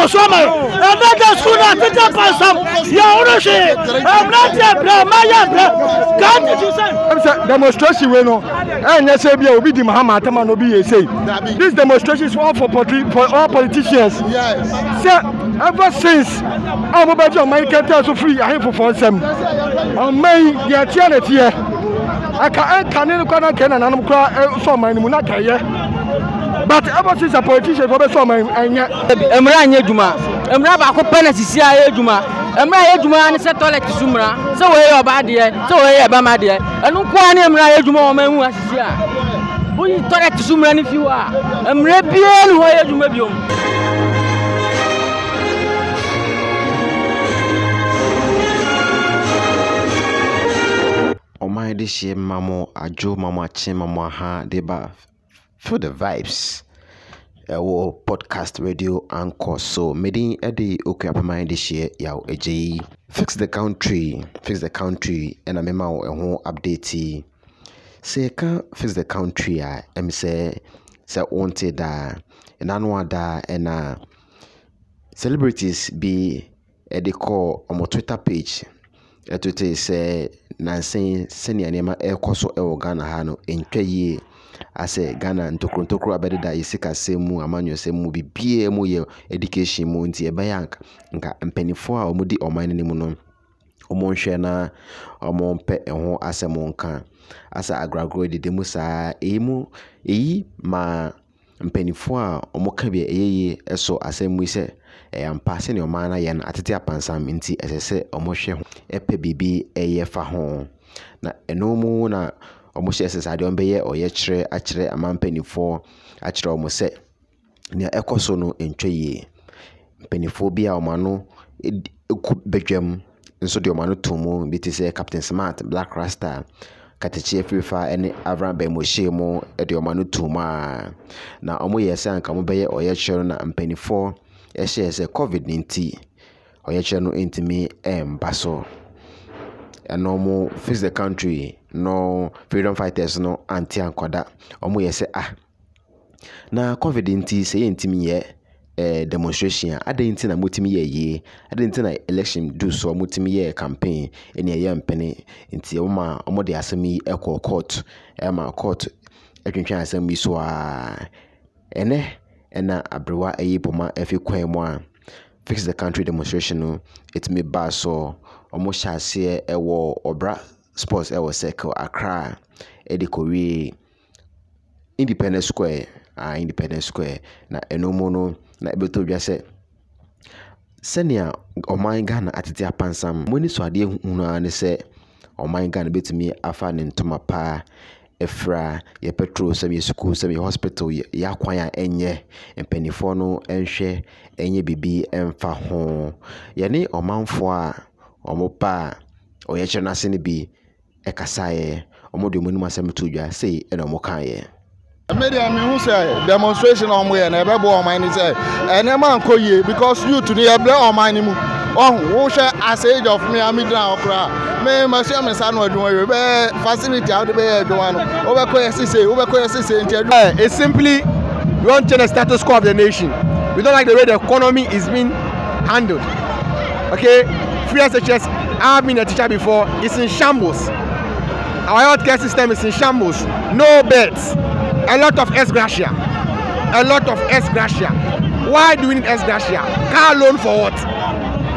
kusoma another school apita pasam ya urushi amnati abra maya abra kanti tusan amsa demonstration we no enye se bia obi di mahama atama no bi ye say this demonstration is all for all politicians yes sir ever since ọmọ bẹẹ jẹ ọmọ yìí kẹtẹ ẹsọ firi ahefofo nsẹm ọmọ yìí yẹ tiẹ ne tiẹ ẹka ẹka ne kọ náà kẹ nananom kura ẹsọ ọmọ yìí ni mu náà kẹ but ever since a politician for best woman ɛnyɛ. mmerɛ anyɛ adwuma mmerɛ baako pɛ sisi a ɛyɛ adwuma mmerɛ a ɛyɛ adwuma ne sɛ toilet so mmira sɛ wɔyɛ ɔbaa deɛ sɛ wɔyɛ ɛbɛma deɛ ɛno nkoa ne mmerɛ a ɛyɛ adwuma wɔn asisi a woyi toilet so mmira ne fi hɔ a mmerɛ biara ne wɔyɛ adwuma biom. ɔman de hyɛ mma mo adwo ma mo aha de ba feel the vibes ɛwɔ podcast radio anchor so Eddie okay okuapaman de hyɛ yaw agye yi fix the country fix the country ɛna mema wo ɛho update yi sɛ ɛka fix the country a ɛm sɛ sɛ wonte daa ɛna no adaa ɛna celebrities bi ɛde on ɔmo twitter page ɛtotee sɛ nansen sɛnea nneɛma ɛrekɔ so ɛwɔ ghana ha no ntwa yie asɛ ghana ntokuro ntokuro abɛdeda yɛ sikasɛm mu amanyɔsɛm mu biribiaa mu yɛ education mu nti ɛbɛyɛ nka mpanimfoɔ a wɔdi ɔman no anim no wɔnhwɛ na wɔmpɛ ho asɛm nka asa agoragoro deda mu saa ɛyimu ɛyi ma mpanimfoɔ a wɔka ka a ɛyɛ yie so asɛm mu sɛ ɛyɛ ampa sɛnea ɔman no ayɛ no atete apansam nti ɛsɛ sɛ wɔhwɛ ho ɛpɛ biribi ɛyɛ fa ho na ɛno mu na wɔhyɛ sɛ adeɛ wɔbɛyɛ ɔyɛkyerɛ akyerɛ aman mpanimfoɔ akyerɛ wɔn sɛ nea ɛkɔ so no ntwa yie. Mpanimfoɔ bi a wɔn ano ku badwam nso deɛ wɔn ano to mu bi te sɛ captain smart, black rasta, katakye afirifa ne avram banmuhyɛm de wɔn ano to mu a, na wɔyɛɛ sɛ anka wɔbɛyɛ ɔyɛkyerɛ no na mpanimfoɔ hyɛɛ sɛ covid no nti ɔyɛkyerɛ no ntumi mba so. Ɛno mo fix the country. no freedom fighters no anti ankɔda ɔmo yɛ sɛ ah na covid nti sɛ ntumi yɛ eh, demonstration a adɛn nti na motumi yɛ yie adɛn nti na election du so motumi yɛ campaign ɛne ɛyɛ mpene nti ɔma ɔmo de asɛm yi ɛkɔ court ɛma eh, court ɛtwentwɛn asɛm yi so a ɛnɛ ɛna aberewa ɛyi boma ɛfi kwan mu a fix the country demonstration no ɛtumi baa so ɔmo hyɛ aseɛ ɛwɔ ɔbra sports ɛwɔ circle accra a ɛde kɔwiee independence square a independence square na ɛno mu no na ɛbɛtɔ dwa sɛ sɛnea ɔman ghana atete apansam mo ani so adeɛ hunu a ne sɛ ɔman ghana bɛtumi afa ne ntoma paa ɛfra yɛ petrol sɛm yɛ sukuu sɛm yɛ hospital yɛ akwan a ɛnyɛ mpanimfoɔ no ɛnhwɛ ɛnyɛ biribi ɛmfa ho yɛne ɔmanfoɔ a ɔmo pa a ɔyɛkyerɛ no ase no bi ɛkasaeɛ ɔmo deɛ ɔmo anim asɛm to dwa sei ɛna ɔmo kaeɛ media mehu sɛ demonstration a ɔmoyɛ no ɛbɛboa ɔman no sɛ ɛnɛma nkɔ yie because youth no yɛbrɛ ɔman no mu ɔho wohwɛ asage of me a megyina hɔ koraa me mahyia me sa no adwuma wie bɛyɛ facility a wode bɛyɛ adwuma no wobɛkɔ yɛ sesei wobɛkɔ yɛ sesei nti adwuma it's simply we want to change the status quo of the nation we don't like the way the economy is being handled okay free SHS I've been a teacher before it's in shambles Our healthcare system is in shambles. No beds. A lot of S gratia. A lot of S gratia. Why do we need S gratia? Car loan for what?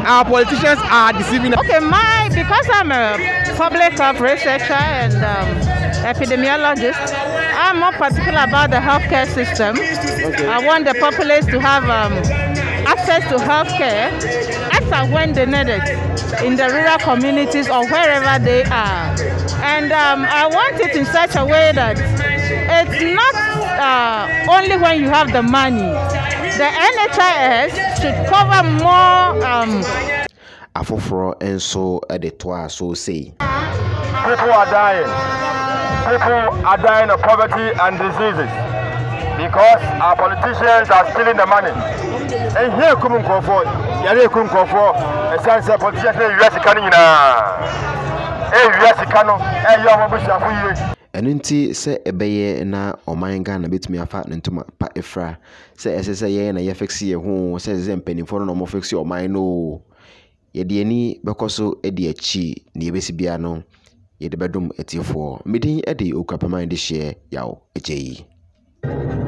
our politicians are deceiving Okay, my because I'm a public health researcher and um, epidemiologist, I'm more particular about the healthcare system. Okay. I want the populace to have um, access to healthcare as and when they need it in the rural communities or wherever they are. and um, I want it in such a way that it's not uh, only when you have the money. The NHIS should cover more. Um, afoforɔ nso de toa so sei. people are dying people are dying of poverty and diseases because our politicians are stealing the money ehi ekum nkurɔfoɔ yɛrɛ ekum nkurɔfoɔ ɛsan sɛ politicians no yɛ sika no nyinaa ɛwia sika no ɛyɛ ɔmo abusuafo yie ɛno nti sɛ ɛbɛyɛ na ɔman ghana bɛtumi afa ne ntoma pa ɛfra sɛ ɛsɛ sɛ yɛn na yɛfɛksi yɛ ho sɛ ɛsɛ sɛ mpanimfoɔ no na ɔmɔfɛksi ɔman no o yɛde ani bɛkɔ so di akyi ne yɛbɛsi bia no yɛde bɛdom atiefoɔ medin de okuapaman de hyɛ yaw agya yi